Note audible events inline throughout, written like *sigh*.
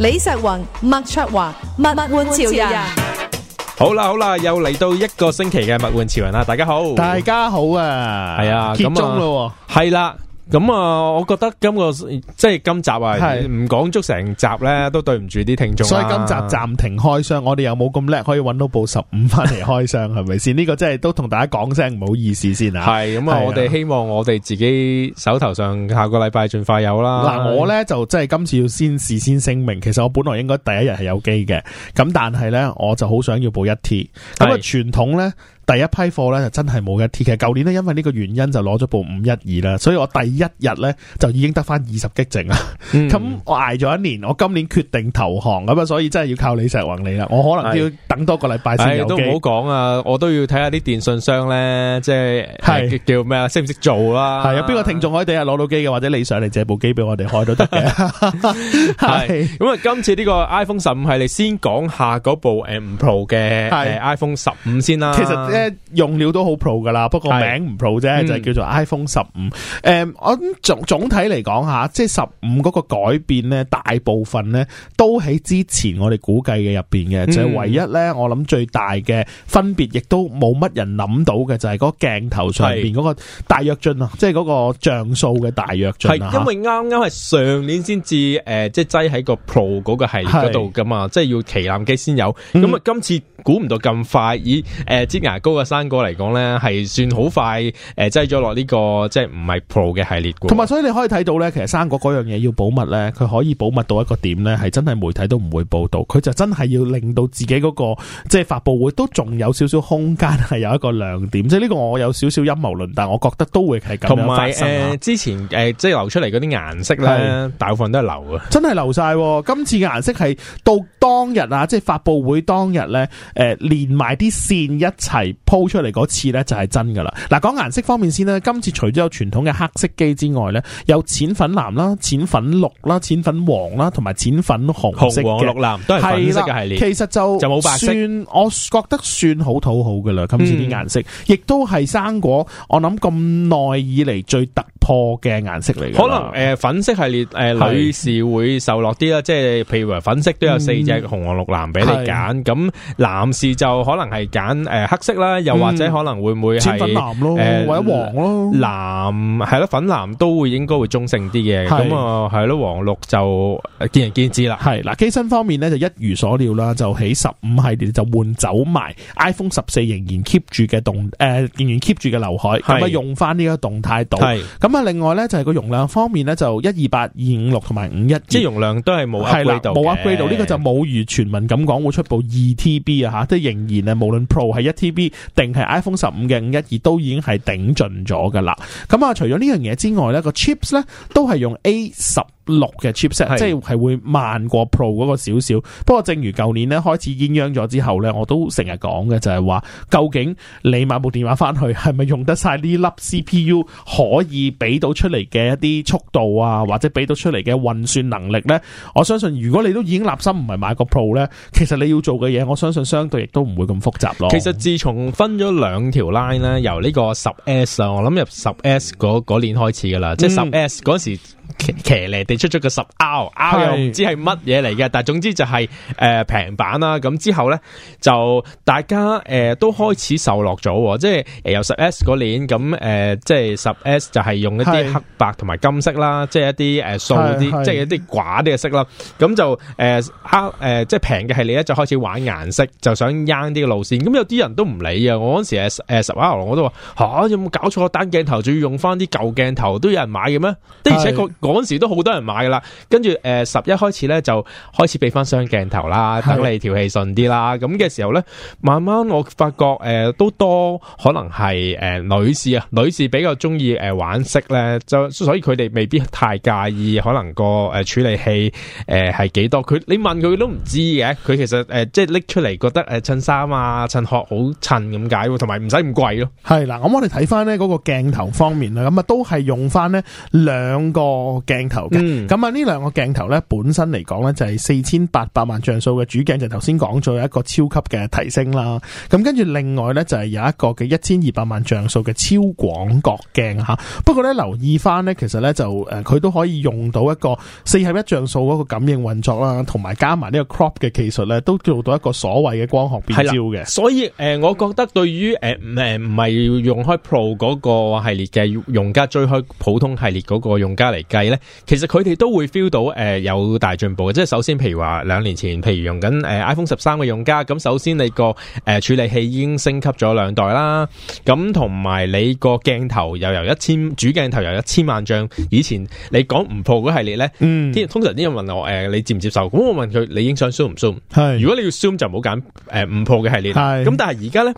李石雲、麥卓華、物、物玩潮人，好啦好啦，又來到一個星期的物玩潮人啦！大家好，大家好啊，係啊，結中了咯，係啦、啊。咁啊，我覺得今個即係今集啊，係唔講足成集咧，都對唔住啲聽眾。所以今集暫停開箱，我哋又冇咁叻，可以揾到部十五翻嚟開箱，係咪先？呢個真係都同大家講聲，唔好意思先啊。係咁啊，我哋希望我哋自己手頭上下個禮拜盡快有啦。嗱，我咧就真係今次要先事先聲明，其實我本來應該第一日係有機嘅，咁但係咧我就好想要報一貼。咁啊，傳統咧。第一批貨咧就真係冇一 T，其實舊年咧因為呢個原因就攞咗部五一二啦，所以我第一日咧就已經得返二十 G 淨啦。咁、嗯、我捱咗一年，我今年決定投降咁啊，所以真係要靠李石宏你啦。我可能要等多個禮拜先有機、哎、你都唔好講啊，我都要睇下啲電信商咧，即係是叫咩啊，識唔識做啦？係啊，邊個聽眾可以第日攞到機嘅，或者你上嚟借部機俾我哋開都得嘅。係咁啊，今次呢個 iPhone 十五係你先講下嗰部誒 Pro 嘅 iPhone 十五先啦。其實用料都好 pro 噶啦，不過名唔 pro 啫，就係叫做 iPhone 十五。誒，我總總體嚟講吓，即係十五嗰個改變咧，大部分咧都喺之前我哋估計嘅入邊嘅，就係唯一咧我諗最大嘅分別，亦都冇乜人諗到嘅，就係嗰鏡頭上邊嗰個大躍進啊，即係嗰個像素嘅大躍進啊。係因為啱啱係上年先至誒，即係擠喺個 Pro 嗰個系列度噶嘛，即係要旗艦機先有。咁啊，今次。估唔到咁快，以誒、呃、擠牙膏嘅生果嚟講呢係算好快，誒擠咗落呢個即係唔係 Pro 嘅系列。同埋，所以你可以睇到呢，其實生果嗰樣嘢要保密呢，佢可以保密到一個點呢，係真係媒體都唔會報道，佢就真係要令到自己嗰、嗰個即係發佈會都仲有少少空間係有一個亮點。即係呢個我有少少陰謀論，但係我覺得都會係咁樣發生。同埋誒，之前、呃、即係流出嚟嗰啲顏色呢，是大部分都係流嘅，真係流晒喎。今次嘅顏色係到當日啊，即係發佈會當日呢。誒，連埋啲線一齊鋪出嚟嗰次呢，就係真噶啦。嗱，講顏色方面先啦，今次除咗有傳統嘅黑色機之外呢，有淺粉藍啦、淺粉綠啦、淺粉黃啦，同埋淺粉紅色。紅黃綠藍都係粉色嘅系列。其實就算就冇白色。我覺得算好討好噶啦，今次啲顏色，嗯、亦都係生果。我諗咁耐以嚟最突破嘅顏色嚟。可能誒、呃，粉色系列誒，呃呃、是 女士會受落啲啦。即係譬如話粉色都有四隻紅黃綠藍俾你揀。咁是 藍。男士就可能係揀誒黑色啦，又或者可能會唔會係誒、粉藍、或者黃咯，藍係咯，粉藍都會應該會中性啲嘅。咁啊係咯，黃綠就見仁見智啦。係嗱，機身方面咧就一如所料啦，就喺十五系列就換走埋 iPhone 十四仍然 keep 住嘅動誒、呃、仍然 keep 住嘅劉海，咁啊是用翻呢個動態度。咁啊是另外咧就係、是、個容量方面咧就一二八二五六同埋五一，即係容量都係冇 upgrade 到冇 upgrade 到呢的個就冇如傳聞咁講會出部二 TB 啊。即都仍然啊，無論係 Pro 係一 TB 定係 iPhone 十五嘅五一二，都已經係頂盡咗噶啦。咁啊，除咗呢樣嘢之外咧，個 chips 咧都係用 A 十六嘅 chipset、嗯、即係係會慢過 Pro 嗰個少少，不過正如舊年咧開始鴛鴦咗之後咧，我都成日講嘅就係話，究竟你買部電話翻去係咪用得晒呢粒 CPU 可以俾到出嚟嘅一啲速度啊，或者俾到出嚟嘅運算能力呢？我相信如果你都已經立心唔係買個 Pro 呢，其實你要做嘅嘢，我相信相對亦都唔會咁複雜咯。其實自從分咗兩條 line 咧，由呢個十 S 啊，我諗入十 S 嗰年開始噶啦，即係十 S 嗰時。嗯騎呢地出咗個十 R，R 又唔知係乜嘢嚟嘅，但係總之就係、是、誒、呃、平板啦。咁之後咧就大家誒、呃、都開始受落咗，即係誒由十 S 嗰年，咁、呃、誒即係十 S 就係用一啲黑白同埋金色啦，即係一啲誒素啲，即係一啲寡啲嘅色啦。咁就誒黑誒即係平嘅系列咧，就開始玩顏色，就想 young 啲嘅路線。咁有啲人都唔理啊！我嗰時誒誒十 R 我都話吓、啊，有冇搞錯？單鏡頭仲要用翻啲舊鏡頭都有人買嘅咩？的是而且嗰時都好多人買噶啦，跟住誒十一開始咧就開始俾翻雙鏡頭啦，等你條氣順啲啦。咁嘅時候咧，慢慢我發覺誒、呃、都多可能係誒、呃、女士啊，女士比較中意誒玩色咧，就所以佢哋未必太介意可能、個誒、呃、處理器誒係幾多。佢你問佢都唔知嘅，佢其實誒即係拎出嚟覺得誒、呃、襯衫啊襯殼好襯咁解喎，同埋唔使咁貴咯。係啦，咁我哋睇翻咧嗰個鏡頭方面啦，咁啊都係用翻咧兩個。鏡頭嘅，咁啊呢兩個鏡頭咧本身嚟講咧就係四千八百萬像素嘅主鏡，就頭先講咗有一個超級嘅提升啦。咁跟住另外咧就係有一個嘅一千二百萬像素嘅超廣角鏡吓。不過咧留意翻，咧其實咧就誒佢，呃、都可以用到一個四合一像素嗰個感應運作啦，同埋加埋呢個 crop 嘅技術咧，都做到一個所謂嘅光學變焦嘅。所以誒、呃，我覺得對於誒誒唔係用開 Pro 嗰個系列嘅用家追開普通系列嗰個用家嚟計。其實佢哋都會 feel 到誒、呃、有大進步嘅。即係首先，譬如話兩年前，譬如用緊誒、呃、iPhone 十三嘅用家，咁首先你個誒、呃、處理器已經升級咗兩代啦。咁同埋你個鏡頭又由一千主鏡頭由一千萬像。以前你講唔破嗰系列呢，嗯，通常啲人問我誒、呃，你接唔接受？咁我問佢，你影相 zoom 唔 zoom？係是如果你要 zoom 就唔好揀誒唔破嘅系列。咁是，但係而家呢。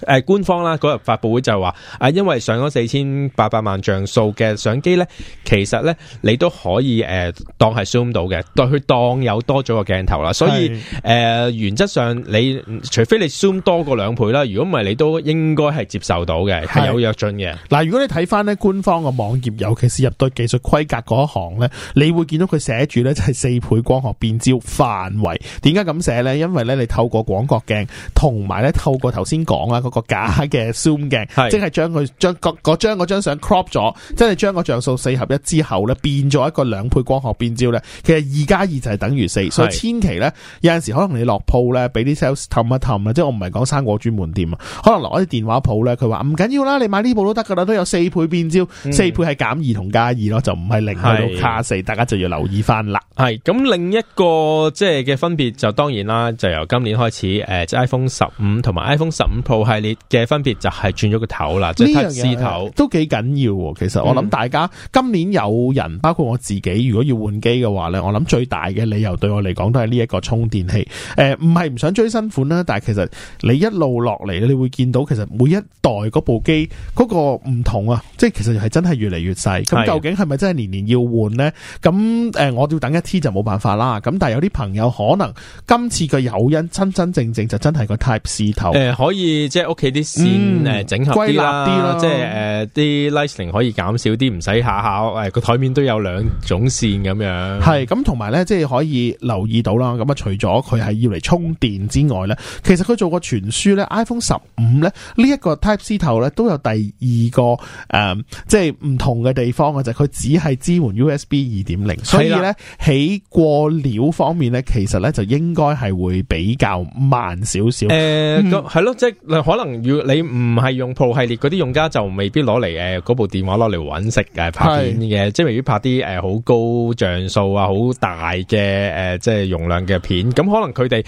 誒、呃，官方啦嗰日發佈會就話啊，因為上咗四千八百萬像素嘅相機咧,其實咧你都可以誒、呃、當係 zoom 到嘅，對佢當有多咗個鏡頭啦。所以誒是、呃，原則上你除非你 zoom 多過兩倍啦，如果唔係你都應該係接受到嘅，係是有躍進嘅。嗱，如果你睇翻咧官方嘅網頁，尤其是入對技術規格嗰一行咧，你會見到佢寫住咧就係四倍光學變焦範圍。點解咁寫咧？因為咧你透過廣角鏡同埋咧透過頭先講啊。嗰個假嘅 Zoom 鏡，是即係將佢將嗰嗰張相 crop 咗，即係將個像素四合一之後咧，變咗一個兩倍光學變焦咧。其實二加二就係等於四是，所以千祈咧，有陣時可能你落鋪咧，俾啲 sales 氹一氹啦。即係我唔係講生果專門店啊，可能攞啲電話鋪咧，佢話唔緊要啦，你買呢部都得噶啦，都有四倍變焦，四、嗯、倍係減二同加二咯，2, 就唔係零到卡四的，大家就要留意翻啦。係咁，另一個即係嘅分別就當然啦，就由今年開始，誒，即 iPhone 十五同埋 iPhone 十五 Pro 係系列嘅分別就係轉咗個頭啦，即係 Type C 頭都幾緊要。其實我諗大家、嗯、今年有人包括我自己，如果要換機嘅話呢我諗最大嘅理由對我嚟講都係呢一個充電器。誒、呃，唔係唔想追新款啦，但係其實你一路落嚟你會見到其實每一代嗰部機嗰、嗰個唔同啊，即係其實係真係越嚟越細。咁究竟係咪真係年年要換呢？咁誒、呃，我要等一 T 就冇辦法啦。咁但係有啲朋友可能今次嘅誘因真真正正就真係個 Type C 頭。誒、呃，可以。即係屋企啲線誒，整合歸納啲咯，嗯、即係誒啲、呃、lightning 可以減少啲，唔使下下誒個台面都有兩種線咁樣。係咁同埋咧，即係可以留意到啦。咁啊，除咗佢係要嚟充電之外咧，其實佢做個傳輸咧，iPhone 十五咧呢一、這個 Type C 頭咧都有第二個誒、嗯，即係唔同嘅地方嘅就係佢只係支援 USB 二點零，所以咧起的過料方面咧，其實咧就應該係會比較慢少少。誒、嗯，係咯、嗯，即可能如你唔係用 Pro 系列啲用家，就未必攞嚟誒部電話攞嚟揾食嘅拍片嘅，是即係未必拍啲誒好高像素啊、好大嘅誒、呃、即係容量嘅片。咁可能佢哋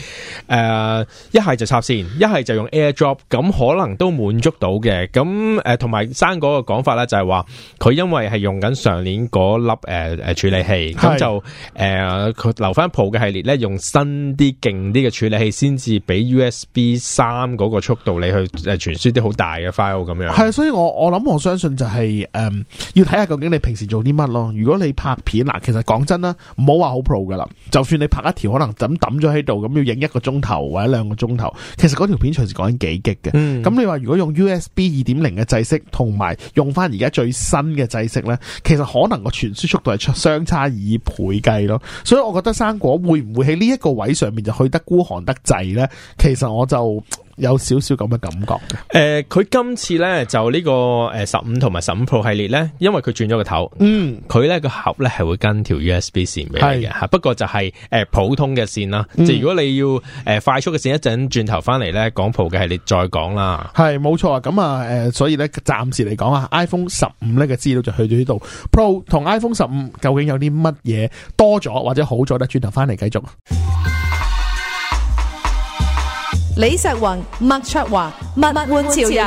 誒一係就插線，一係就用 AirDrop，咁可能都滿足到嘅。咁誒同埋生果嘅講法咧，就係話佢因為係用緊上年粒誒誒處理器，咁就誒佢是、呃、留翻 Pro 嘅系列咧，用新啲勁啲嘅處理器，先至俾 USB 三個速度你去誒傳輸啲好大嘅 file 咁樣，係啊，所以我我諗我相信就係、是、誒、嗯、要睇下究竟你平時做啲乜咯。如果你拍片嗱，其實講真啦，唔好話好 pro 噶啦，就算你拍一條可能咁抌咗喺度，咁要影一個鐘頭或者兩個鐘頭，其實嗰條片隨時講緊幾激嘅。咁、嗯、你話如果用 USB 二點零嘅制式，同埋用翻而家最新嘅制式呢，其實可能個傳輸速度係相差以倍計咯。所以我覺得生果會唔會喺呢一個位上面就去得孤寒得滯呢？其實我就。有少少咁嘅感覺嘅、呃，誒，佢今次咧就呢個誒十五同埋十五 Pro 系列咧，因為佢轉咗個頭，嗯，佢咧個盒咧係會跟條 USB 線俾你嘅吓，係，不過就係誒普通嘅線啦，即係、嗯、如果你要誒快速嘅線，一陣轉頭翻嚟咧，講 Pro 嘅系列再講啦，係冇錯啊，咁啊，誒、呃，所以咧暫時嚟講啊，iPhone 十五咧嘅資料就去到呢度，Pro 同 iPhone 十五究竟有啲乜嘢多咗或者好咗咧？轉頭翻嚟繼續。李石雲、麥卓華、麥換潮人，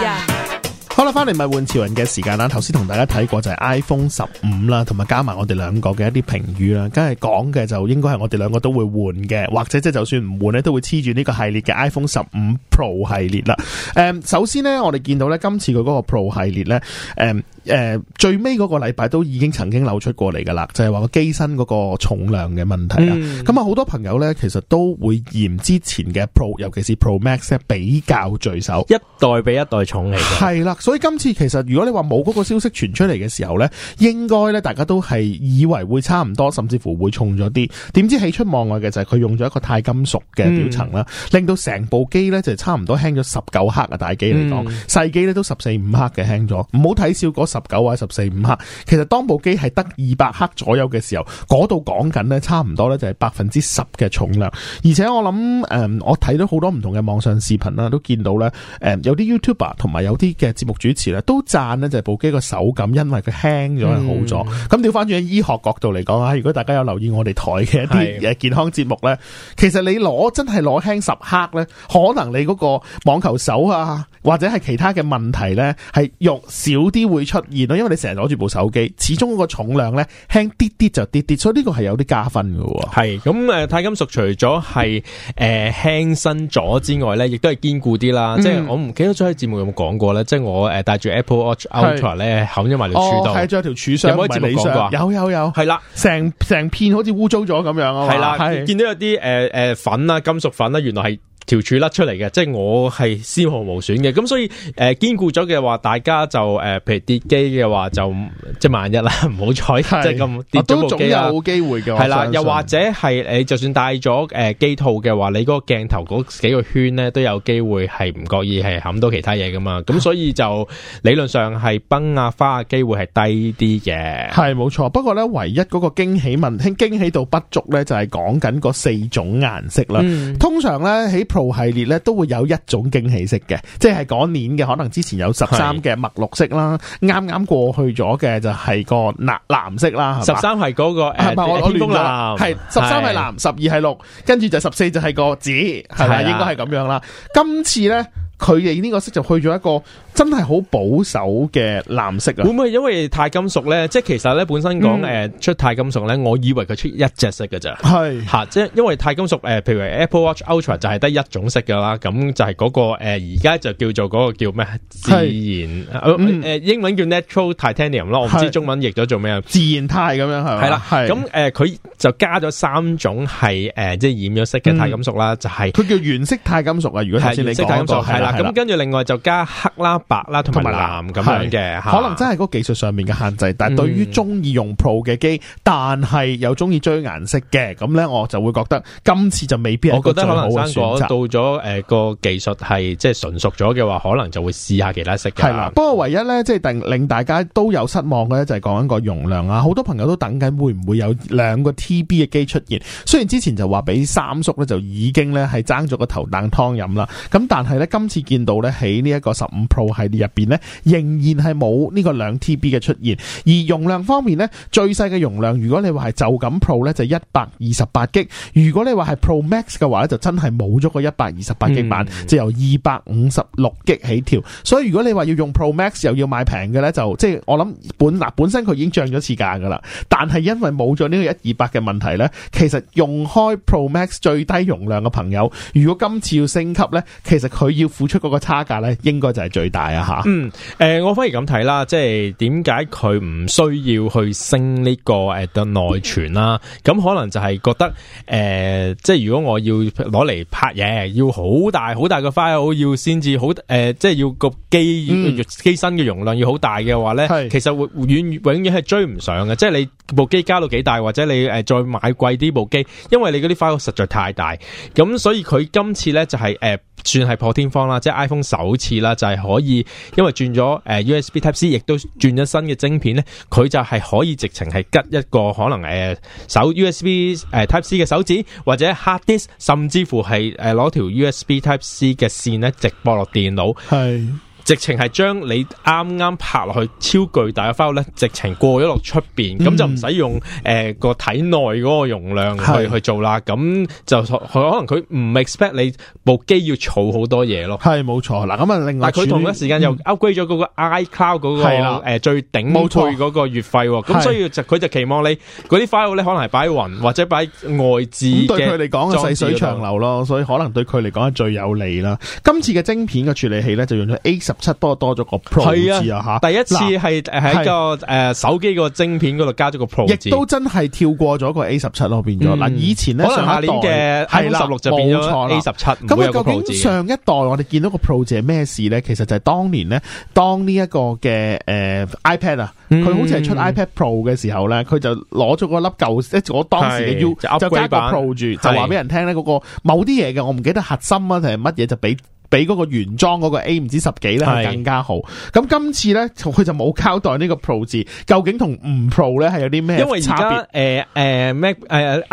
好啦，翻嚟咪換潮人嘅時間啦。頭先同大家睇過就係 iPhone 十五啦，同埋加埋我哋兩個嘅一啲評語啦。梗係講嘅就應該係我哋兩個都會換嘅，或者即係就算唔換咧，都會黐住呢個系列嘅 iPhone 十五 Pro 系列啦。誒、嗯，首先呢，我哋見到呢今次嘅嗰個 Pro 系列呢。誒、嗯。誒、呃，最尾嗰個禮拜都已經曾經流出過嚟噶啦，就係話個機身嗰個重量嘅問題啦。咁啊、嗯，好多朋友呢，其實都會嫌之前嘅 Pro，尤其是 Pro Max 比較墜手，一代比一代重嚟。係啦，所以今次其實如果你話冇嗰個消息傳出嚟嘅時候呢，應該呢大家都係以為會差唔多，甚至乎會重咗啲。點知喜出望外嘅就係佢用咗一個鈦金屬嘅表層啦，嗯、令到成部機呢就差唔多輕咗十九克啊！大機嚟講，細機呢都十四五克嘅輕咗。唔好睇少。十九或十四五克，其實當部機係得二百克左右嘅時候，嗰度講緊咧，差唔多呢就係百分之十嘅重量。而且我諗，誒、嗯，我睇到好多唔同嘅網上視頻啦，都見到呢，誒、嗯，有啲 YouTuber 同埋有啲嘅節目主持咧，都讚呢就係部機個手感，因為佢輕咗係好咗。咁調翻轉喺醫學角度嚟講啊，如果大家有留意我哋台嘅一啲健康節目呢，是其實你攞真係攞輕十克呢，可能你嗰個網球手啊，或者係其他嘅問題呢，係肉少啲會出。然咯，因為你成日攞住部手機，始終嗰個重量咧輕啲啲就啲啲，所以呢個係有啲加分嘅。係咁誒，鈦、呃、金屬除咗係誒輕身咗之外咧，亦都係堅固啲啦。嗯、即係我唔記得咗喺節目有冇講過咧，即係我誒戴住 Apple Watch Ultra 咧是，冚咗埋條柱度，睇咗條柱有有上，有冇喺節目講過啊？有有有，係啦，成成片好似污糟咗咁樣啊，係啦，是是見到有啲誒誒粉啊金屬粉啦，原來係。條柱甩出嚟嘅，即係我係絲毫無損嘅，咁所以誒堅固咗嘅話，大家就誒，譬如跌機嘅話，就即係萬一啦，唔好彩即係咁跌咗部機。都仲有機會嘅。係啦，又或者係誒，就算戴咗誒機套嘅話，你嗰個鏡頭嗰幾個圈咧都有機會係唔覺意係冚到其他嘢噶嘛，咁所以就理論上係崩啊花嘅機會係低啲嘅。係冇錯，不過咧唯一嗰個驚喜問驚喜度不足咧，就係講緊嗰四種顏色啦。通常咧喺系列咧都會有一種驚喜色嘅，即係嗰年嘅，可能之前有十三嘅墨綠色啦，啱啱是過去咗嘅就係個藍藍色啦，十三係嗰個係咪吧、啊、我攞亂啦？係十三係藍，十二係綠，跟住就十四就係個紫，係咪、啊、應該係咁樣啦？今次呢。佢哋呢個色就去咗一個真係好保守嘅藍色啊！會唔會因為鈦金屬咧？即係其實咧本身講誒出鈦金屬咧，我以為佢出一隻色噶咋？係吓是，即係因為鈦金屬誒，譬如 Apple Watch Ultra 就係得一種色噶啦。咁就係嗰個誒而家就叫做嗰個叫咩？自然誒、嗯呃、英文叫 Natural Titanium 咯。我唔知中文譯咗做咩啊？自然鈦咁樣係嘛？係啦，係咁誒，佢是是、呃、就加咗三種係誒即係染咗色嘅鈦金屬啦。就係、是、佢、嗯就是、叫原色鈦金屬啊！如果頭先你講過係啦。咁跟住，另外就加黑啦、白啦，同埋藍咁樣嘅，可能真係個技術上面嘅限制。嗯、但係對於中意用 Pro 嘅機，但係又中意追顏色嘅，咁咧我就會覺得今次就未必。我覺得可能生果到咗誒個技術係即係純熟咗嘅話，可能就會試下其他色嘅。係啦，不過唯一咧即係令令大家都有失望嘅咧，就係講緊個容量啊！好多朋友都等緊會唔會有兩個 TB 嘅機出現，雖然之前就話俾三叔咧就已經咧係爭咗個頭啖湯飲啦。咁但係咧今次。見到咧喺呢一個十五 Pro 系列入邊咧，仍然係冇呢個兩 TB 嘅出現。而容量方面咧，最細嘅容量，如果你話係就咁 Pro 咧，就一百二十八 G；如果你話係 Pro Max 嘅話咧，就真係冇咗個一百二十八 G 版，嗯、就由二百五十六 G 起跳。所以如果你話要用 Pro Max 又要買平嘅咧，就即係我諗本嗱本身佢已經漲咗次價噶啦，但係因為冇咗呢個一二百嘅問題咧，其實用開 Pro Max 最低容量嘅朋友，如果今次要升級咧，其實佢要付。出嗰個差價咧，應該就係最大啊！吓，嗯，誒、呃，我反而咁睇啦，即係點解佢唔需要去升呢、這個誒嘅內存啦、啊？咁可能就係覺得誒、呃，即係如果我要攞嚟拍嘢，要好大好大嘅 file，要先至好誒，即係要個機機身嘅容量要好大嘅話咧，嗯、其實會遠永遠係追唔上嘅。是即係你部機加到幾大，或者你誒、呃、再買貴啲部機，因為你嗰啲 file 實在太大，咁所以佢今次咧就係、是、誒。呃算係破天荒啦，即係 iPhone 首次啦，就係、是、可以，因為轉咗誒 USB Type C，亦都轉咗新嘅晶片咧，佢就係可以直情係吉一個可能誒、呃、手 USB 誒、呃、Type C 嘅手指，或者 hard disk 甚至乎係誒攞條 USB Type C 嘅線咧，直駁落電腦。係。直情係將你啱啱拍落去超巨大嘅 file 咧，直情過咗落出邊，咁、嗯、就唔使用誒個、呃、體內嗰個容量去是去做啦。咁就可可能佢唔 expect 你部機要儲好多嘢咯。係冇錯。嗱咁、那個、啊，另外、呃，但佢同一時間又 upgrade 咗嗰個 iCloud 嗰個誒最頂冇錯嗰個月費，咁錯所以佢就，就期望你嗰啲 file 咧可能係擺喺雲或者擺喺外置嘅。對佢嚟講係細水長流咯，所以可能對佢嚟講係最有利啦。今次嘅晶片嘅處理器咧就用咗 A 十。七多多咗個 Pro 字啊吓，第一次係喺個誒手機個晶片嗰度加咗個 Pro，亦都真係跳過咗個 A 十七咯，變咗嗱。以前咧上一代嘅係啦，十六就變咗 A 十七，咁究竟上一代我哋見到個 Pro 字係咩事咧？其實就係當年咧，當呢一個嘅誒、呃、iPad 啊、嗯，佢好似係出 iPad Pro 嘅時候咧，佢就攞咗嗰粒舊，即我當時嘅 U 就，就加個 Pro 住版，就話俾人聽咧嗰個某啲嘢嘅，我唔記得核心啊定係乜嘢，就俾。比嗰個原裝嗰個 A 唔知十幾咧更加好。咁今是次咧，佢就冇交代呢個 Pro 字究竟同唔 Pro 咧係有啲咩差別？因為而家誒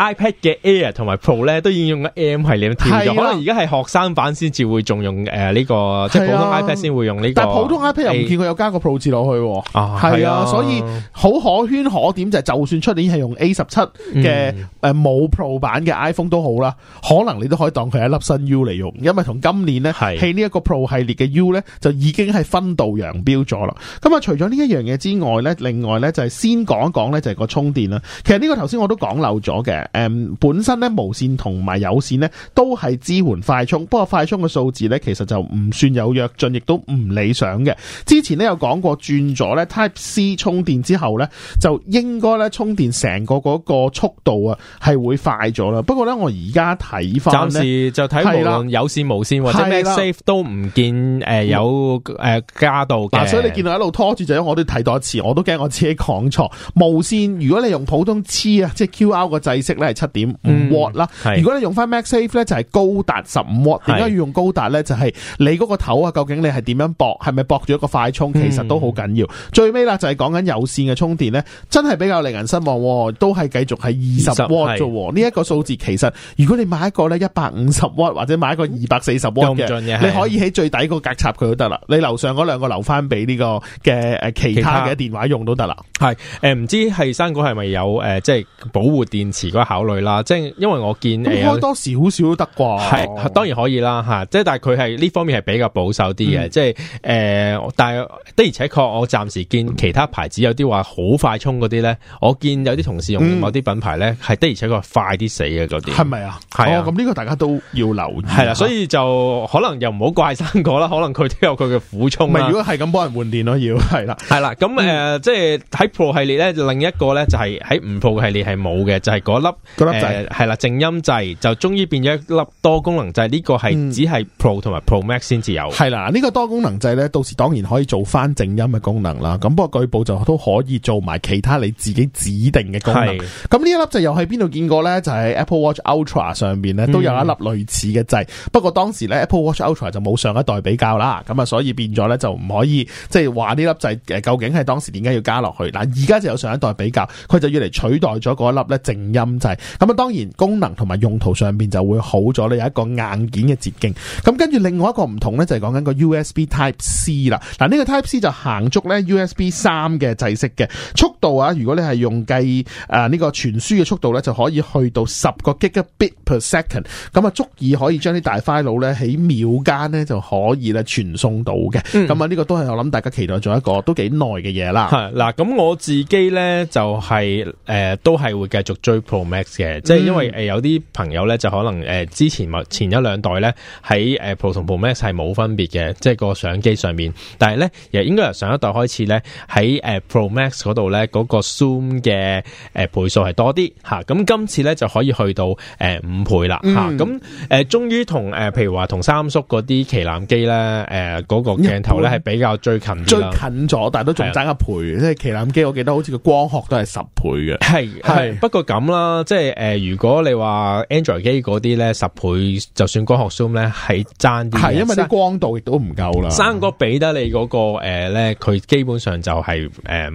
Mac iPad 嘅 Air 同埋 Pro 咧都已經用咗 m 係你跳咗？啊、可能而家係學生版先至會仲用誒呢、呃這個，即係普通 iPad 先會用呢、這個、啊。但係普通 iPad 又唔見佢有加個 Pro 字落去，係啊，啊啊所以好可圈可點就係、是，就算出年係用 A 十七嘅冇 Pro 版嘅 iPhone 都好啦，可能你都可以當佢一粒新 U 嚟用，因為同今年咧。係呢一個 Pro 系列嘅 U 咧，就已經係分道揚鑣咗啦。咁啊，除咗呢一樣嘢之外咧，另外咧就係先講一講咧，就係個充電啦。其實呢個頭先我都講漏咗嘅。誒，本身咧無線同埋有線咧都係支援快充，不過快充嘅數字咧其實就唔算有躍進，亦都唔理想嘅。之前咧有講過，轉咗咧 Type C 充電之後咧就應該咧充電成個嗰個速度啊係會快咗啦。不過咧我而家睇翻暫時就睇無論有線無線的或者咩啦。Safe 都唔見誒、呃、有誒、呃、加到嗱、啊，所以你見到一路拖住就我都睇多一次，我都驚我自己講錯。無線，如果你用普通黐啊，即係 QR 個制式咧係七點五 W 啦、嗯。如果你用翻 MagSafe 咧就係高達十五 W 是。點解要用高達咧？就係、是、你嗰個頭啊，究竟你係點樣駁？係咪駁住一個快充？其實都好緊要。嗯、最尾啦就係講緊有線嘅充電咧，真係比較令人失望。都係繼續係二十瓦啫。呢一是個數字其實如果你買一個咧一百五十瓦或者買一個二百四十 W。嘅。你可以喺最底嗰個格插佢都得啦，你樓上嗰兩個留翻俾呢個嘅，誒其他嘅電話用都得啦。係誒，唔、呃、知係生果係咪有誒、呃，即係保護電池嗰考慮啦。即係因為我見開多少少都得啩，係當然可以啦，吓，即係但係佢係呢方面係比較保守啲嘅。嗯、即係誒、呃，但係的而且確，我暫時見其他牌子有啲話好快充嗰啲咧，我見有啲同事用某啲品牌咧，係、嗯、的而且確快啲死嘅嗰啲。係咪啊？係是啊、哦，咁呢個大家都要留意。係啦，所以就可能。又唔好怪生果啦，可能佢都有佢嘅苦衷啦。咪如果係咁幫人換電咯，要係啦，係啦。咁誒、嗯呃，即係喺 Pro 系列咧，就另一個咧就係喺唔 Pro 系列係冇嘅，就係嗰粒嗰粒就係啦靜音掣，就終於變咗一粒多功能掣。呢個係只係 Pro 同埋 Pro Max 先至有。係啦，呢個多功能掣咧、這個嗯這個，到時當然可以做翻靜音嘅功能啦。咁不過舉報就都可以做埋其他你自己指定嘅功能。咁呢的一粒掣又喺邊度見過咧？就係 Apple Watch Ultra 上邊咧，都有一粒類似嘅掣。嗯、不過當時咧 Apple Watch。Ultra 就冇上一代比較啦，咁啊，所以變咗咧就唔可以即係話呢粒掣誒究竟係當時點解要加落去？嗱，而家就有上一代比較，佢就要嚟取代咗嗰粒咧靜音掣。咁啊，當然功能同埋用途上邊就會好咗咧，有一個硬件嘅捷徑。咁跟住另外一個唔同咧，就係講緊個 USB Type C 啦。嗱，呢個 Type C 就行足咧 USB 三嘅制式嘅速度啊。如果你係用計誒呢個傳輸嘅速度咧，就可以去到十個 Gigabit per second。咁啊，足以可以將啲大 file 咧起秒。間咧就可以咧傳送到嘅，咁啊呢個都係我諗大家期待咗一個都幾耐嘅嘢啦。係嗱，咁我自己咧就係、是、誒、呃、都係會繼續追 Pro Max 嘅，即係、嗯、因為誒有啲朋友咧就可能誒、呃、之前或前一兩代咧喺誒 Pro 同 Pro Max 係冇分別嘅，即、就、係、是、個相機上面，但係咧亦應該由上一代開始咧喺誒 Pro Max 度咧、嗰個 zoom 嘅誒倍數係多啲吓，咁、啊、今次咧就可以去到誒、呃、五倍啦吓，咁、啊、誒、嗯呃、終於同誒譬如話同三叔。嗰啲旗艦機咧，誒、呃，嗰、那個鏡頭咧係、嗯、比較最近，最近咗，但係都仲爭一倍。即係的旗艦機，我記得好似個光學都係十倍嘅。係係，不過咁啦，即係誒、呃，如果你話 Android 機嗰啲咧十倍，就算光學 zoom 咧係爭啲，係，因為啲光度亦都唔夠啦。生果俾得你嗰、那個誒咧，佢、呃、基本上就係誒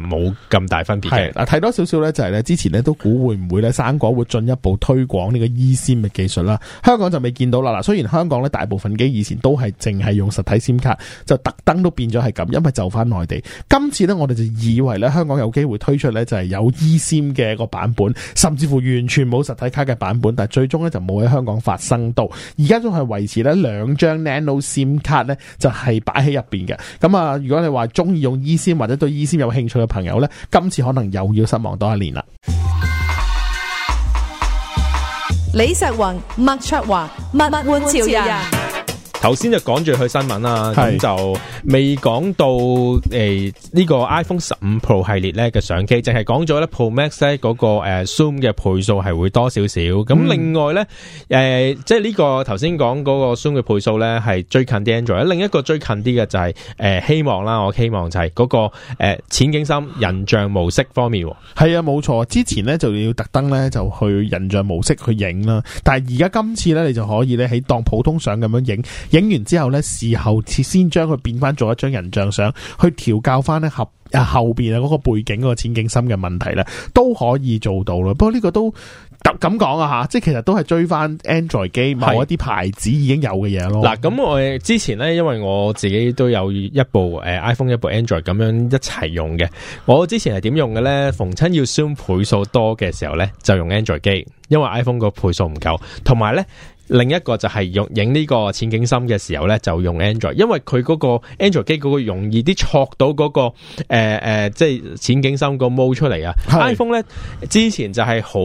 冇咁大分別嘅。嗱睇的多少少咧，就係咧之前咧都估會唔會咧生果會進一步推廣呢個 E C 咪技術啦。香港就未見到啦。嗱，雖然香港咧大部分機。以前都係淨係用實體 sim 卡，就特登都變咗係咁，因為就翻內地。今次呢，我哋就以為咧，香港有機會推出呢就係有 e sim 嘅一個版本，甚至乎完全冇實體卡嘅版本。但係最終呢就冇喺香港發生到。而家都係維持呢兩張 nano sim 卡呢，就係擺喺入邊嘅。咁啊，如果你話中意用 e sim 或者對 e sim 有興趣嘅朋友呢，今次可能又要失望多一年啦。李石雲、麥卓華、麥麥換潮人。頭先就講住去新聞啦，咁就未講到誒呢個 iPhone 十五 Pro 系列咧嘅相機，淨係講咗咧 Pro Max 咧嗰個誒 zoom 嘅倍數係會多少少。咁另外咧誒，即係呢個頭先講嗰個 zoom 嘅倍數咧係最近啲 Android。另一個最近啲嘅就係誒希望啦，我希望就係嗰個誒淺景深人像模式方面。係啊，冇錯之前咧就要特登咧就去人像模式去影啦，但係而家今次咧你就可以咧喺當普通相咁樣影。影完之後呢，事後先將佢變翻做一張人像相，去調校翻呢合後邊啊嗰個背景嗰、那個淺景深嘅問題呢，都可以做到咯。不過呢個都咁講啊吓，即係其實都係追翻 Android 機是某一啲牌子已經有嘅嘢咯。嗱，咁我之前呢，因為我自己都有一部誒、呃、iPhone，一部 Android 咁樣一齊用嘅。我之前係點用嘅呢？逢親要 Zoom 倍數多嘅時候呢，就用 Android 機，因為 iPhone 個倍數唔夠，同埋呢。另一個就係用影呢個淺景深嘅時候呢，就用 Android，因為佢嗰個 Android 機嗰個容易啲撮到嗰、嗰個誒、呃呃、即係淺景深個 mode 出嚟啊是！iPhone 呢之前就係好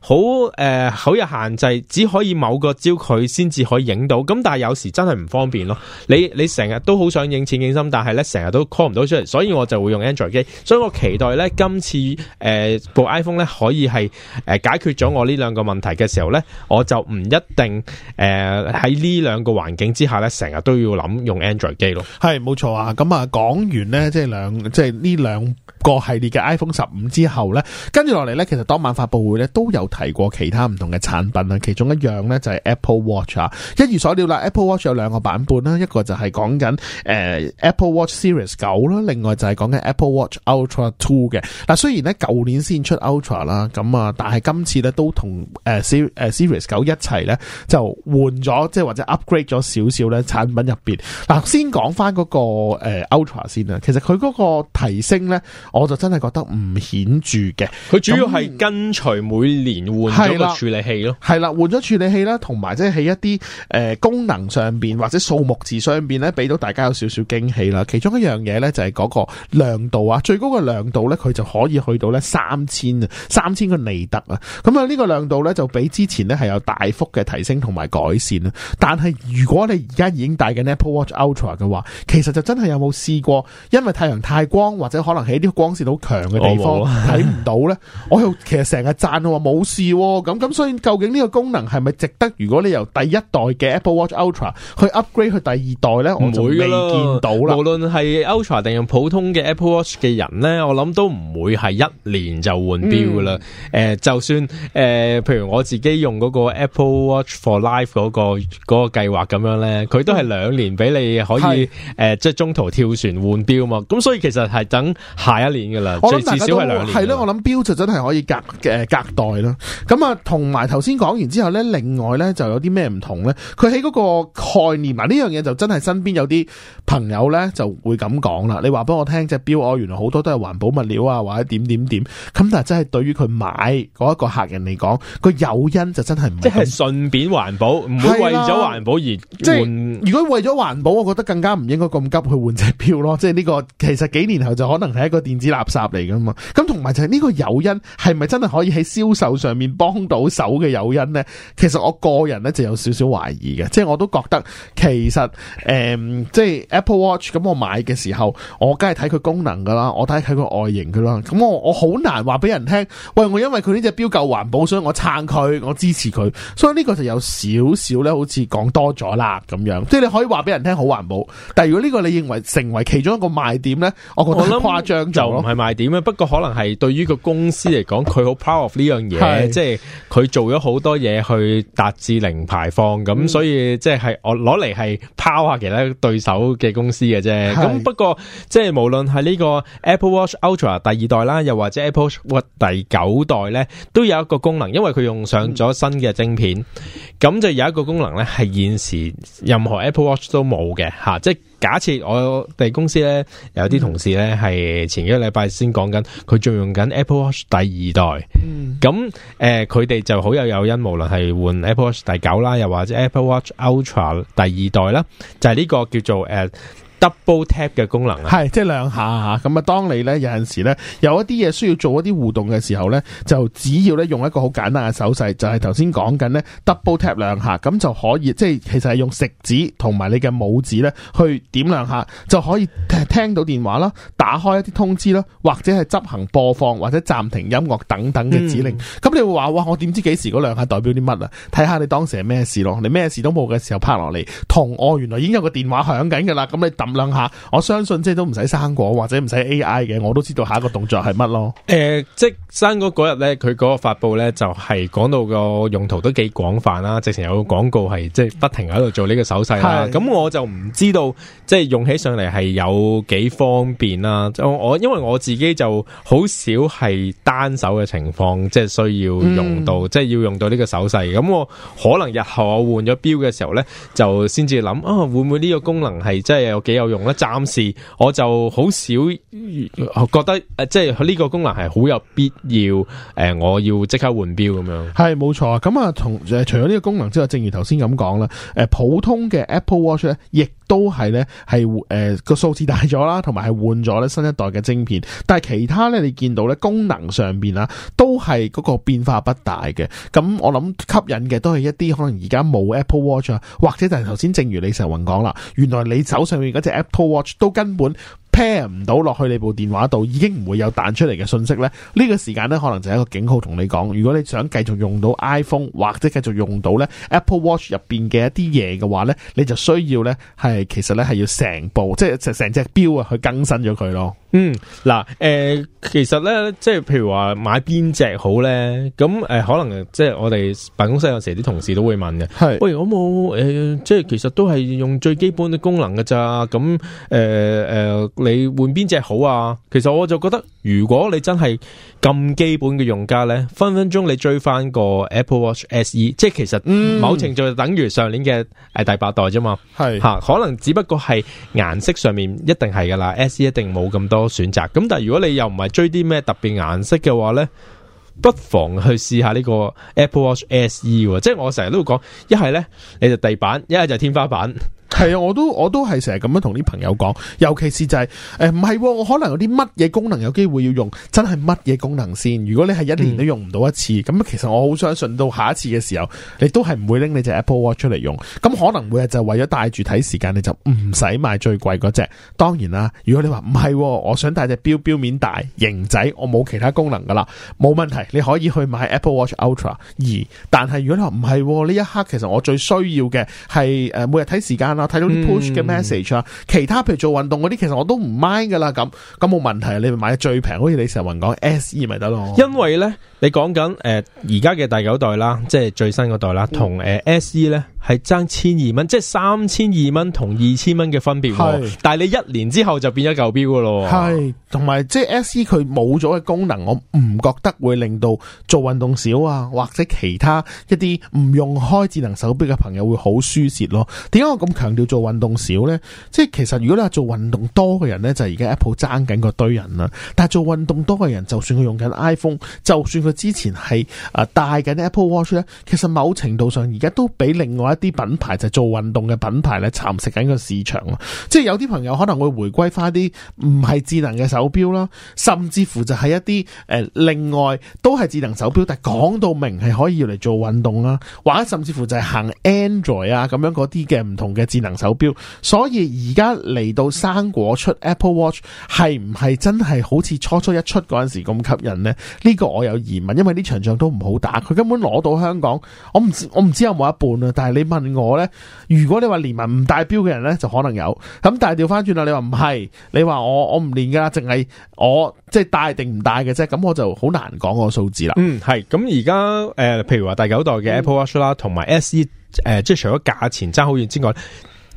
好誒，好、呃、有限制，只可以某個焦距先至可以影到，咁但係有時真係唔方便咯。你你成日都好想影淺景深，但係呢成日都 call 唔到出嚟，所以我就會用 Android 機。所以我期待呢今次誒、呃、部 iPhone 呢，可以係、呃、解決咗我呢兩個問題嘅時候呢，我就唔一定。誒，喺呢兩個環境之下咧，成日都要諗用 Android 機咯是。係冇錯啊！咁啊，講完呢，即係兩，即係呢兩個系列嘅 iPhone 十五之後咧，跟住落嚟咧，其實當晚發布會咧都有提過其他唔同嘅產品啊。其中一樣咧就係、是、Apple Watch 啊。一如所料啦，Apple Watch 有兩個版本啦，一個就係講緊誒 Apple Watch Series 九啦，另外就係講緊 Apple Watch Ultra Two 嘅。嗱，雖然咧舊年先出 Ultra 啦，咁啊，但係今次咧都同 S 誒 Series 九、呃、一齊咧就。就換咗即係或者 upgrade 咗少少咧，產品入邊嗱，先講返嗰個 Ultra 先啦。其實佢嗰個提升咧，我就真係覺得唔顯著嘅。佢主要係跟隨每年換咗個處理器咯，係啦，換咗處理器啦，同埋即係喺一啲誒、呃、功能上邊或者數目字上邊咧，俾到大家有少少驚喜啦。其中一樣嘢咧就係嗰個亮度啊，最高嘅亮度咧，佢就可以去到咧三千啊，三千個尼特啊。咁啊，呢個亮度咧就比之前咧係有大幅嘅提升。同埋改善啦，但係如果你而家已經戴緊 Apple Watch Ultra 嘅話，其實就真係有冇試過？因為太陽太光，或者可能喺啲光線好強嘅地方睇唔沒到咧。 *laughs* 我又其實成日讚，話冇事咁、哦、咁。所以究竟呢個功能係咪值得？如果你由第一代嘅 Apple Watch Ultra 去 upgrade 去第二代咧，我就未見到啦。無論係 Ultra 定用普通嘅 Apple Watch 嘅人咧，我諗都唔會係一年就換錶噶啦。誒、嗯呃，就算誒、呃，譬如我自己用嗰個 Apple Watch。Live 那個 life 嗰個嗰個計劃咁樣咧，佢都係兩年俾你可以誒，即係是、呃、中途跳船換錶啊嘛。咁所以其實係等下一年噶啦，最至少係兩年。係咯，我諗錶就真係可以隔誒、呃、隔代啦，咁啊，同埋頭先講完之後咧，另外咧就有啲咩唔同咧？佢喺嗰個概念啊，呢樣嘢就真係身邊有啲朋友咧就會咁講啦。你話俾我聽，隻錶哦原來好多都係環保物料啊，或者點點點。咁但係真係對於佢買嗰一個客人嚟講，個誘因就真係唔係。即係順便。環保唔會為咗環保而、啊、即係，如果為咗環保，我覺得更加唔應該咁急去換隻表咯。即係呢個其實幾年後就可能係一個電子垃圾嚟噶嘛。咁同埋就係呢個誘因係咪真係可以喺銷售上面幫到手嘅誘因呢？其實我個人呢就有少少懷疑嘅，即係我都覺得其實誒、嗯，即係 Apple Watch 咁，我買嘅時候我梗係睇佢功能噶啦，我睇睇佢外形噶啦。咁我我好難話俾人聽，喂，我因為佢呢隻表夠環保，所以我撐佢，我支持佢。所以呢個就有。少少咧，好似講多咗啦咁樣，即係你可以話俾人聽好環保。但係如果呢個你認為成為其中一個賣點呢，我覺得誇張就唔係賣點啦。不過可能係對於個公司嚟講，佢好 proud of 呢樣嘢，即係佢做咗好多嘢去達至零排放咁，嗯、所以即係我攞嚟係拋下其他對手嘅公司嘅啫。咁是不過即係無論係呢個 Apple Watch Ultra 第二代啦，又或者 Apple Watch, Watch 第九代呢，都有一個功能，因為佢用上咗新嘅晶片。嗯咁就有一個功能咧，係現時任何 Apple Watch 都冇嘅、啊、即係假設我哋公司咧，有啲同事咧，係前幾個禮拜先講緊，佢仲用緊 Apple Watch 第二代，咁誒佢哋就好有誘因，無論係換 Apple Watch 第九啦，又或者 Apple Watch Ultra 第二代啦，就係、是、呢個叫做、呃 Double tap 嘅功能係、啊、即係兩下吓，咁啊當你呢，有陣時呢，有一啲嘢需要做一啲互動嘅時候呢，就只要呢，用一個好簡單嘅手勢，就係頭先講緊呢 double tap 兩下，咁就可以即係其實係用食指同埋你嘅拇指呢，去點兩下，就可以聽到電話啦，打開一啲通知啦，或者係執行播放或者暫停音樂等等嘅指令。咁、嗯、你會話哇，我點知幾時嗰兩下代表啲乜啊？睇下你當時係咩事咯。你咩事都冇嘅時候拍落嚟，同我原來已經有個電話響緊㗎啦。咁你等。下，我相信即係都唔使生果或者唔使 AI 嘅，我都知道下一個動作係乜咯。誒、呃，即生果嗰日咧，佢嗰個發佈咧就係、是、講到個用途都幾廣泛啦。直情有個廣告係即係不停喺度做呢個手勢啦。咁是我就唔知道即係用起上嚟係有幾方便啦。我因為我自己就好少係單手嘅情況，即係需要用到，嗯、即係要用到呢個手勢。咁我可能日後我換咗表嘅時候咧，就先至諗啊，會唔會呢個功能係真係有幾？有用咧，暫時我就好少覺得誒，即係呢個功能係好有必要誒，我要即刻換表咁樣。係冇錯啊，咁啊同誒除咗呢個功能之外，正如頭先咁講啦，誒普通嘅 Apple Watch 咧，亦都係呢係換誒個數字大咗啦，同埋係換咗咧新一代嘅晶片。但係其他呢，你見到呢功能上面啦都係嗰個變化不大嘅。咁我諗吸引嘅都係一啲可能而家冇 Apple Watch 啊，或者就係頭先正如李成雲講啦，原來你手上面嗰隻 Apple Watch 都根本。聽唔到落去你部電話度，已經唔會有彈出嚟嘅信息呢。呢個時間呢，可能就係一個警號同你講。如果你想繼續用到 iPhone 或者繼續用到呢 Apple Watch 入邊嘅一啲嘢嘅話呢，你就需要呢，係其實呢，係要成部即係成成隻錶啊去更新咗佢咯。嗯，嗱，誒、呃，其實咧，即係譬如話買邊隻好咧，咁誒、呃，可能即係我哋辦公室有時啲同事都會問嘅，係是，喂，我冇，誒、呃，即係其實都係用最基本嘅功能噶咋，咁，誒、呃，誒、呃，你換邊隻好啊？其實我就覺得，如果你真係咁基本嘅用家咧，分分鐘你追翻個 Apple Watch S E，即係其實、嗯嗯、某程度就等於上年嘅誒第八代啫嘛，係是，吓、啊，可能只不過係顏色上面一定係噶啦，S E 一定冇咁多。多選擇咁，但係如果你又唔係追啲咩特別顏色嘅話呢，不妨去試下呢個 Apple Watch SE 喎。即係我成日都會講，一係呢，你就地板，一係就天花板。係啊，我都我都係成日咁樣同啲朋友講，尤其是就係誒唔係，我、欸啊、可能有啲乜嘢功能有機會要用，真係乜嘢功能先？如果你係一年都用唔到一次，咁、嗯、其實我好相信到下一次嘅時候，你都係唔會拎你隻 Apple Watch 出嚟用。咁可能每日就為咗帶住睇時間，你就唔使買最貴嗰隻。當然啦，如果你話唔係，我想帶隻表，表面大，型仔，我冇其他功能噶啦，冇問題，你可以去買 Apple Watch Ultra 二。但係如果你話唔係，呢一刻，其實我最需要嘅係誒每日睇時間。睇到啲 push 嘅 message 啊，嗯、其他譬如做運動嗰啲，其實我都唔 mind 噶啦，咁咁冇問題，你咪買得最平，好似你成日講 S E 咪得咯。因為咧，你講緊誒而家嘅第九代啦，即係最新嗰代啦，同誒 S E 咧。呃係爭千二蚊，即係三千二蚊同二千蚊嘅分別。係，但係你一年之後就變咗舊表噶咯。係，同埋即係 SE 佢冇咗嘅功能，我唔覺得會令到做運動少啊，或者其他一啲唔用開智能手錶嘅朋友會好輸蝕咯。點解我咁強調做運動少咧？即係其實如果你話做運動多嘅人咧，就係而家 Apple 爭緊個堆人啦。但係做運動多嘅人，就算佢用緊 iPhone，就算佢之前係誒帶緊 Apple Watch 咧，其實某程度上而家都比另外。一啲品牌就係、做運動嘅品牌咧，蠶食緊個市場。即係有啲朋友可能會回歸翻啲唔係智能嘅手錶啦，甚至乎就係一啲誒、呃，另外都係智能手錶，但係講到明係可以嚟做運動啦，或者甚至乎就係行 Android 啊，咁樣嗰啲嘅唔同嘅智能手錶。所以而家嚟到生果出 Apple Watch 係唔係真係好似初初一出嗰陣時咁吸引咧？呢、這個我有疑問，因為呢場仗都唔好打，佢根本攞到香港，我唔知我唔知有冇一半啦、啊，但係你問我咧，如果你話連埋唔帶表嘅人咧，就可能有。咁但係調翻轉啦，你話唔係，你話我我唔練噶啦，淨係我即係帶定唔帶嘅啫。咁、就是、我就好難講個數字啦。嗯，係。咁而家誒，譬如話第九代嘅 Apple Watch 啦、嗯，同埋 S E 誒、呃，即係除咗價錢爭好遠之外，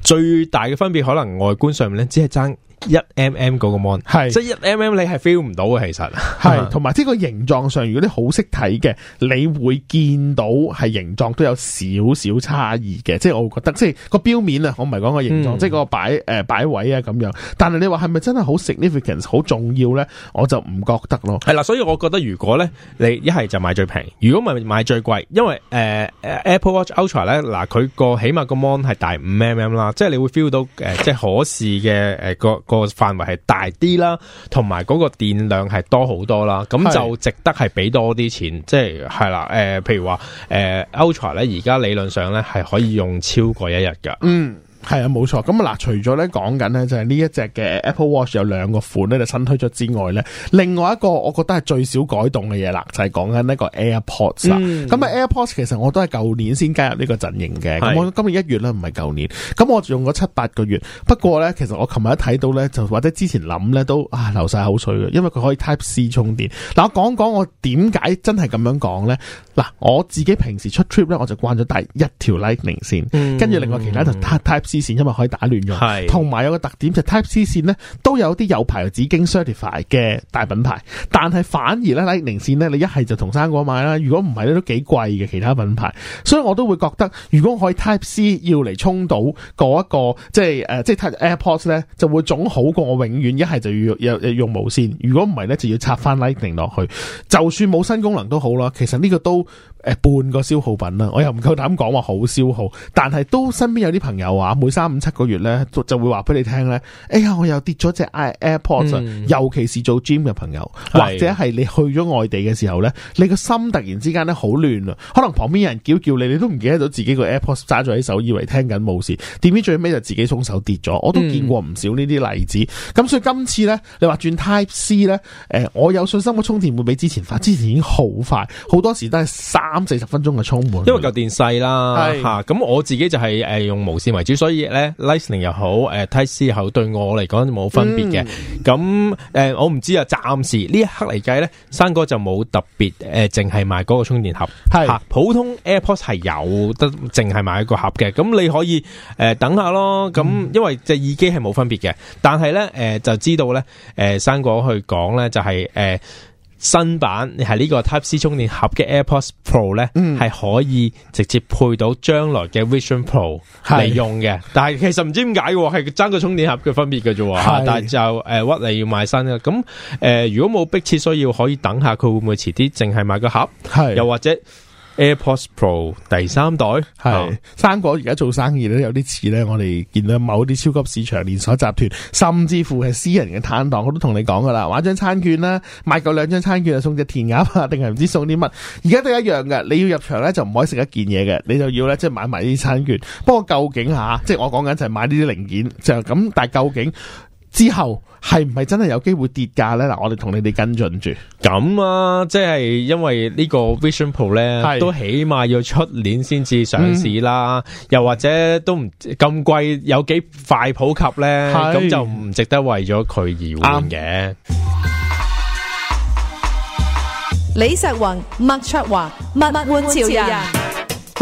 最大嘅分別可能外觀上面咧，只係爭，一 mm 嗰個 mon，係，是 即係一 mm 你係 feel 唔到嘅其實，係是，同埋即係個形狀上，如果你好識睇嘅，你會見到係形狀都有少少差異嘅，即係我會覺得，即係個錶面啊，我唔係講個形狀，嗯、即係個擺誒擺位啊咁樣，但係你話係咪真係好 significance 好重要咧？我就唔覺得咯。係啦，所以我覺得如果咧，你一係就買最平，如果唔係買最貴，因為誒、呃啊、Apple Watch Ultra 咧，嗱佢個起碼個 mon 係大五 mm 啦、呃，即係你會 feel 到誒，即係可視嘅誒個。個範圍係大啲啦，同埋嗰個電量係多好多啦，咁就值得係俾多啲錢，是即係係啦，誒、呃，譬如話誒，Ultra 咧而家理論上咧係可以用超過一日㗎。嗯。係啊，冇錯。咁啊，嗱，除咗咧講緊咧就係呢一隻嘅 Apple Watch 有兩個款咧就新推出之外咧，另外一個我覺得係最少改動嘅嘢啦，就係講緊呢個 AirPods。咁、嗯、AirPods 其實我都係舊年先加入呢個陣營嘅。咁是我今年一月咧唔係舊年，咁我就用咗七八個月。不過咧，其實我琴日一睇到咧，就或者之前諗咧都啊流晒口水嘅，因為佢可以 Type C 充電。嗱，我講講我點解真係咁樣講咧？嗱，我自己平時出 trip 咧，我就慣咗帶一條 Lightning 線，跟住、嗯、另外其他就 Type。C 線，因為可以打亂用，同埋是有個特點就是、Type C 線呢都有啲有牌子，經 certify 嘅大品牌，但係反而呢 Lightning 線呢，你一係就同生果買啦，如果唔係咧都幾貴嘅其他品牌，所以我都會覺得，如果可以 Type C 要嚟充到嗰一個即係誒、呃、即係 AirPods 呢，就會總好過我永遠一係就要，要，要用無線，如果唔係呢，就要插翻 Lightning 落去，就算冇新功能都好啦。其實呢個都誒、呃、半個消耗品啦，我又唔夠膽講話好消耗，但係都身邊有啲朋友話每三五七個月咧，就會話俾你聽咧。哎呀，我又跌咗隻 AirPods，、嗯、尤其是做 gym 嘅朋友，或者係你去咗外地嘅時候咧，你個心突然之間咧好亂啊！可能旁邊有人叫叫你，你都唔記得到自己個 AirPods 揸咗喺手，以為聽緊冇事，點知最尾就自己鬆手跌咗。我都見過唔少呢啲例子。咁、嗯、所以今次咧，你話轉 Type C 咧，誒、呃，我有信心嘅充電會比之前快，之前已經好快，好多時都係三四十分鐘嘅充滿，因為舊電細啦，吓的。咁我自己就係、是、誒、呃、用無線為主，所所以咧，Lightning 又好，誒、呃、Type C 又好，對我嚟講冇分別嘅。咁誒、嗯嗯，我唔知啊，暫時呢一刻嚟計咧，山哥就冇特別誒，淨、呃、係買嗰個充電盒，吓，是 普通 AirPods 係有得淨係買一個盒嘅。咁你可以誒、呃、等下咯。咁因為隻耳機係冇分別嘅，但係咧誒，就知道咧，誒、呃，山哥去講咧就係、是、誒。呃新版係呢個 Type C 充電盒嘅 AirPods Pro 咧、嗯，係可以直接配到將來嘅 Vision Pro 嚟是用嘅。但係其實唔知點解，係爭個充電盒嘅分別嘅啫。是但係就誒、呃、屈嚟要買新嘅。咁誒、呃、如果冇迫切需要，可以等下佢會唔會遲啲淨係買個盒？係是又或者？AirPods Pro 第三代係生果而家做生意咧，有啲似咧，我哋見到某啲超級市場連鎖集團，甚至乎係私人嘅攤檔，我都同你講噶啦，買張餐券啦，買夠兩張餐券就送隻填鴨啊，定係唔知送啲乜？而家都一樣嘅，你要入場咧就唔可以食一件嘢嘅，你就要咧即係買埋啲餐券。不過究竟吓，啊，即係我講緊就係買呢啲零件就咁，但係究竟。之後係唔係真係有機會跌價咧？嗱，我哋同你哋跟進住。咁啊，即係因為個呢個 Vision Pro 咧，是都起碼要出年先至上市啦，嗯、又或者都唔咁貴，有幾快普及咧，咁是就唔值得為咗佢而換嘅。對李石雲、麥卓華、麥麥換潮人。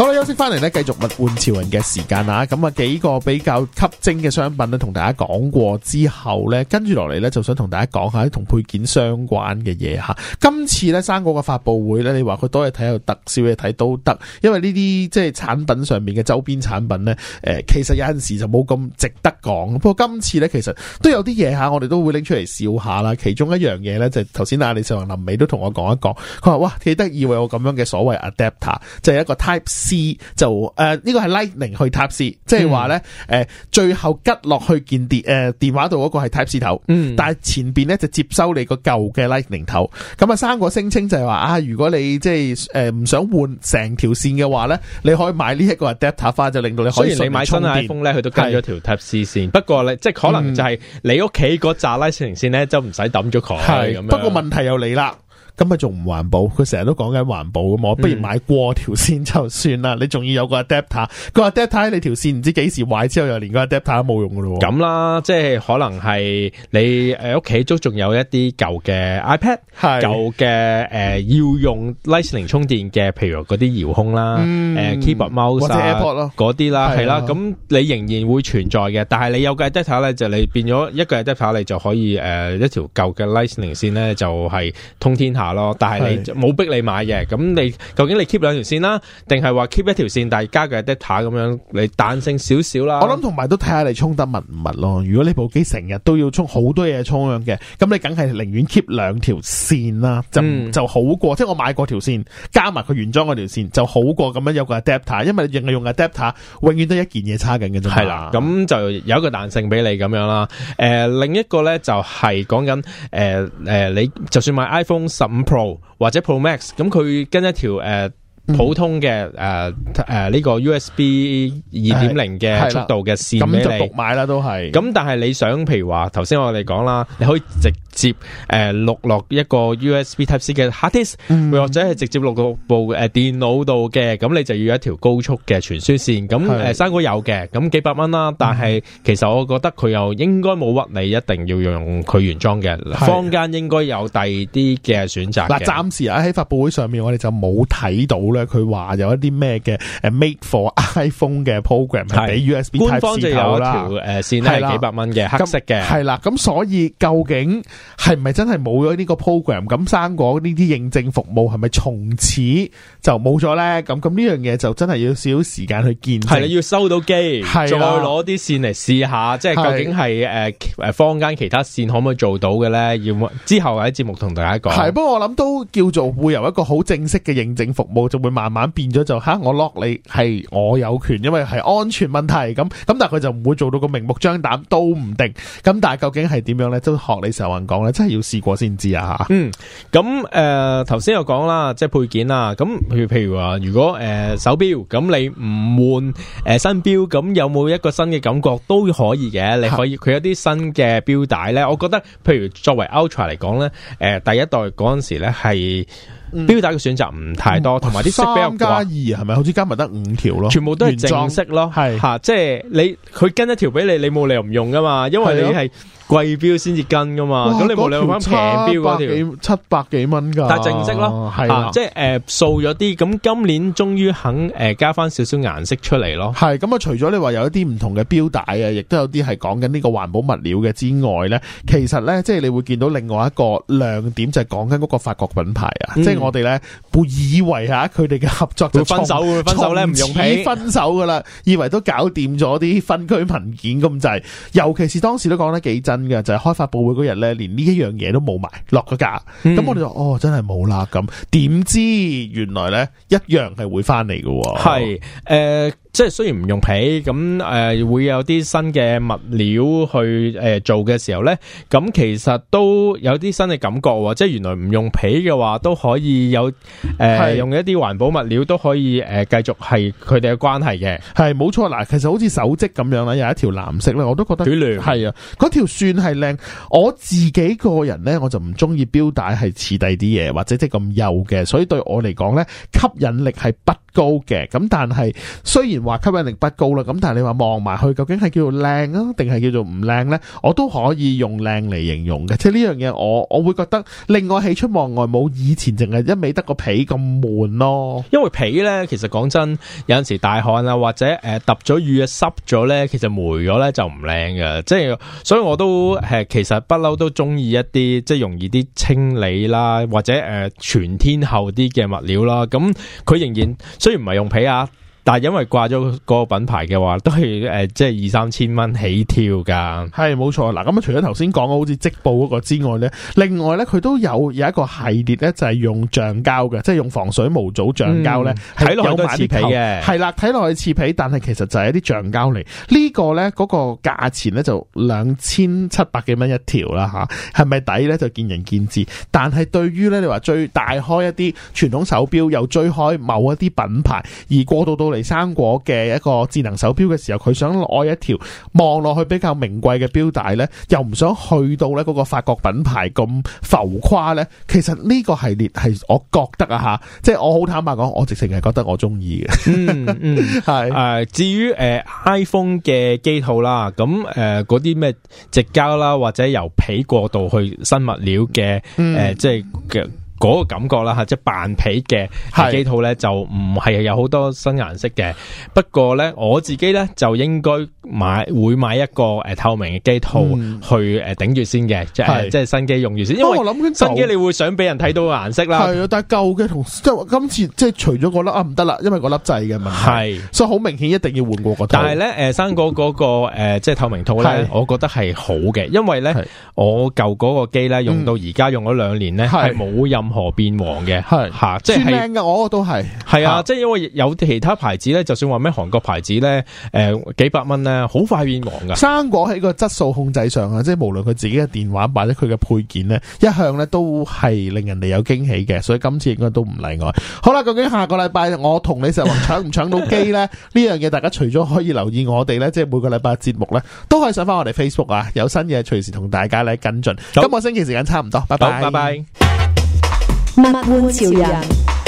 好啦，休息翻嚟咧，繼續物玩潮人嘅時間啊！咁啊，幾個比較吸睛嘅商品咧，同大家講過之後咧，跟住落嚟咧，就想同大家講下同配件相關嘅嘢吓。今次咧，生果嘅發佈會咧，你話佢多嘢睇又得，少嘢睇都得，因為呢啲即係產品上面嘅周邊產品咧，誒，其實有陣時就冇咁值得講。不過今次咧，其實都有啲嘢吓，我哋都會拎出嚟笑下啦。其中一樣嘢咧，就係頭先啊李世宏、林美都同我講一講，佢話哇幾得意，為我咁樣嘅所謂 adapter，就係一個 type C。C, 就誒呢，呃這個係 Lightning 去 type c，即係話咧誒最後吉落去件電誒電話度嗰個係 type c 頭，嗯、但係前邊咧就接收你個舊嘅 Lightning 頭。咁啊三個聲稱就係話啊如果你即係誒唔想換成條線嘅話咧，你可以買呢一個 adapter 花就令到你可以買新 iPhone 咧，佢都跟咗條 type c 線。是不過咧即係可能就係你屋企嗰扎 Lightning 線咧就唔使抌咗佢。係是，這樣 不過問題又嚟啦。咁咪仲唔環保？佢成日都講緊環保咁，我不如買過條線就算啦。嗯、你仲要有個 adapter？個 adapter 你條線唔知幾時壞之後又連個 adapter 冇用噶咯。咁啦，即係可能係你誒屋企都仲有一啲舊嘅 iPad，是舊嘅誒、呃、要用 Lightning 充電嘅，譬如嗰啲遙控啦，誒 keyboard、mouse p 嗰啲啦，係啦。咁你仍然會存在嘅，但係你有個 adapter 咧，就你變咗一個 adapter，你就可以誒、呃、一條舊嘅 Lightning 線咧，就係、是、通天下。咯，但係你冇逼你買嘅，咁是你究竟你 keep 兩條線啦，啊，定係話 keep 一條線，但係加個 adapter 咁樣，你彈性少少啦。我諗同埋都睇下你充得密唔密咯。如果你部機成日都要充好多嘢，充樣嘅，咁你梗係寧願 keep 兩條線啦，啊，就就好過，嗯、即係我買過條線，加埋佢原裝嗰條線，就好過咁樣有個 adapter，因為你仍係用 adapter，永遠都一件嘢差緊嘅啫嘛。係啦的，咁，啊、就有一個彈性俾你咁樣啦。誒、呃，另一個咧就係講緊誒誒，你就算買 iPhone 十。五 Pro 或者 Pro Max，咁佢跟一條誒。呃普通嘅誒誒呢個 USB 二點零嘅速度嘅線俾你，咁就獨買啦，都係咁。但係你想，譬如話頭先我哋講啦，你可以直接誒錄落一個 USB Type C 嘅 hard disk，或者係直接錄到部誒電腦度嘅。咁你就要一條高速嘅傳輸線。咁，誒，生果有嘅，咁幾百蚊啦。但係其實我覺得佢又應該冇屈你，一定要用佢原裝嘅。坊間應該有第二啲嘅選擇。嗱，暫時啊喺發佈會上面，我哋就冇睇到啦。佢話有一啲咩嘅誒，make for iPhone 嘅 program 係俾 USB，官方就有條誒線係啦，幾百蚊嘅黑色嘅係啦。咁所以究竟係咪真係冇咗呢個 program？咁生果呢啲認證服務係咪從此就冇咗咧？咁咁呢樣嘢就真係要少少時間去見證。要收到機，再攞啲線嚟試下，即係究竟係誒誒，坊間其他線可唔可以做到嘅咧？要冇之後喺節目同大家講。係不過我諗都叫做會有一個好正式嘅認證服務中。會慢慢變咗就吓，我 lock 你係我有權，因為係安全問題咁咁，但係佢就唔會做到個明目張膽都唔定。咁但係究竟係點樣咧？都學你成日講咧，真係要試過先知啊！吓，嗯，咁誒，頭先又講啦，即係配件啦，咁譬如譬如話，如果誒手錶，咁你唔換誒新錶，咁有冇一個新嘅感覺都可以嘅。你可以佢有啲新嘅錶帶咧，我覺得譬如作為 Ultra 嚟講咧，誒第一代嗰陣時咧係。錶帶嘅選擇唔太多，同埋啲色比較寡，係咪？好似加埋得五條咯，全部都係正式咯，係吓、啊，即係你佢跟一條俾你，你冇理由唔用噶嘛，因為你係。貴標先至跟噶嘛？咁你冇理由講平標嗰條七百幾蚊噶。但係正色咯，係啦，即係誒掃咗啲。咁今年終於肯誒加翻少少顏色出嚟咯。係咁啊，除咗你話有一啲唔同嘅標帶啊，亦都有啲係講緊呢個環保物料嘅之外咧，其實咧即係你會見到另外一個亮點就係講緊嗰個法國品牌啊。即係我哋咧會以為嚇佢哋嘅合作會分手，會分手咧，唔用起分手噶啦，以為都搞掂咗啲分區文件咁滯，尤其是當時都講得幾真。就係開發佈會嗰日咧，連呢一樣嘢都冇埋落個價，咁、嗯、我哋就說哦，真係冇啦咁，點知原來咧一樣係會翻嚟嘅，係誒。呃即係雖然唔用皮咁誒、呃，會有啲新嘅物料去誒、呃、做嘅時候呢，咁其實都有啲新嘅感覺。即係原來唔用皮嘅話，都可以有誒，呃、是用一啲環保物料都可以誒，繼、呃、續係佢哋嘅關係嘅。係冇錯啦，其實好似手織咁樣啦，有一條藍色咧，我都覺得幾靚。係啊，嗰條算係靚。我自己個人呢，我就唔中意表帶係瓷底啲嘢，或者即係咁幼嘅，所以對我嚟講呢，吸引力係不高嘅，咁但係雖然話吸引力不高啦，咁但係你話望埋去，究竟係叫做靚啊，定係叫做唔靚呢？我都可以用靚嚟形容嘅，即係呢樣嘢，我我會覺得令我喜出望外，冇以前淨係一味得個皮咁悶咯。因為皮呢，其實講真，有陣時大汗啊，或者誒揼咗雨啊，濕咗呢，其實霉咗呢就唔靚嘅。即係，所以我都誒，其實不嬲都中意一啲即係容易啲清理啦，或者誒全天候啲嘅物料啦。咁佢仍然。雖然唔係用皮啊。但係因為掛咗嗰個品牌嘅話，都係誒、呃，即係二三千蚊起跳噶。係冇錯，嗱咁啊，除咗頭先講嘅好似織布嗰個之外咧，另外咧佢都有有一個系列咧，就係用橡膠嘅，即係用防水模組橡膠咧，睇落有似皮嘅。係啦，睇落去似皮，但係其實就係一啲橡膠嚟。呢個、呢、嗰個咧嗰個價錢咧就兩千七百幾蚊一條啦，吓係咪抵咧就見仁見智。但係對於咧你話最大開一啲傳統手表又追開某一啲品牌而過渡到。嚟生果嘅一個智能手錶嘅時候，佢想攞一條望落去比較名貴嘅錶帶咧，又唔想去到咧嗰個法國品牌咁浮誇咧。其實呢個系列係我覺得啊吓，即係我好坦白講，我直情係覺得我中意嘅。嗯，係 *laughs* 是、呃、至於誒、呃、iPhone 嘅機套啦，咁誒嗰啲咩直膠啦，或者由皮過渡去新物料嘅誒、嗯呃，即係。呃嗰個感覺啦嚇，即係扮皮嘅幾套咧，就唔係有好多新顏色嘅。不過咧，我自己咧就應該。買會買一個誒透明嘅機套去誒頂住先嘅，即係即係新機用住先，因為我諗緊新機你會想俾人睇到個顏色啦。係，但係舊嘅同即係今次即係除咗個粒啊唔得啦，因為個粒掣嘅問題。係，所以好明顯一定要換過個套。但係咧，誒生果嗰個誒即係透明套咧，我覺得係好嘅，因為咧我舊嗰個機咧用到而家用咗兩年咧係冇任何變黃嘅，係吓，即係。靚嘅，我都係。係啊，即係因為有其他牌子咧，就算話咩韓國牌子咧，誒幾百蚊誒，好快變黃噶！生果喺個質素控制上啊，即係無論佢自己嘅電話或者佢嘅配件呢一向呢都係令人哋有驚喜嘅，所以今次應該都唔例外。好啦，究竟下個禮拜我同你實話搶唔搶到機呢？呢樣嘢大家除咗可以留意我哋呢，即係每個禮拜嘅節目呢，都可以上返我哋 Facebook 啊，有新嘢隨時同大家咧跟進。好今個星期時間差唔多，拜拜，拜拜。物玩潮人。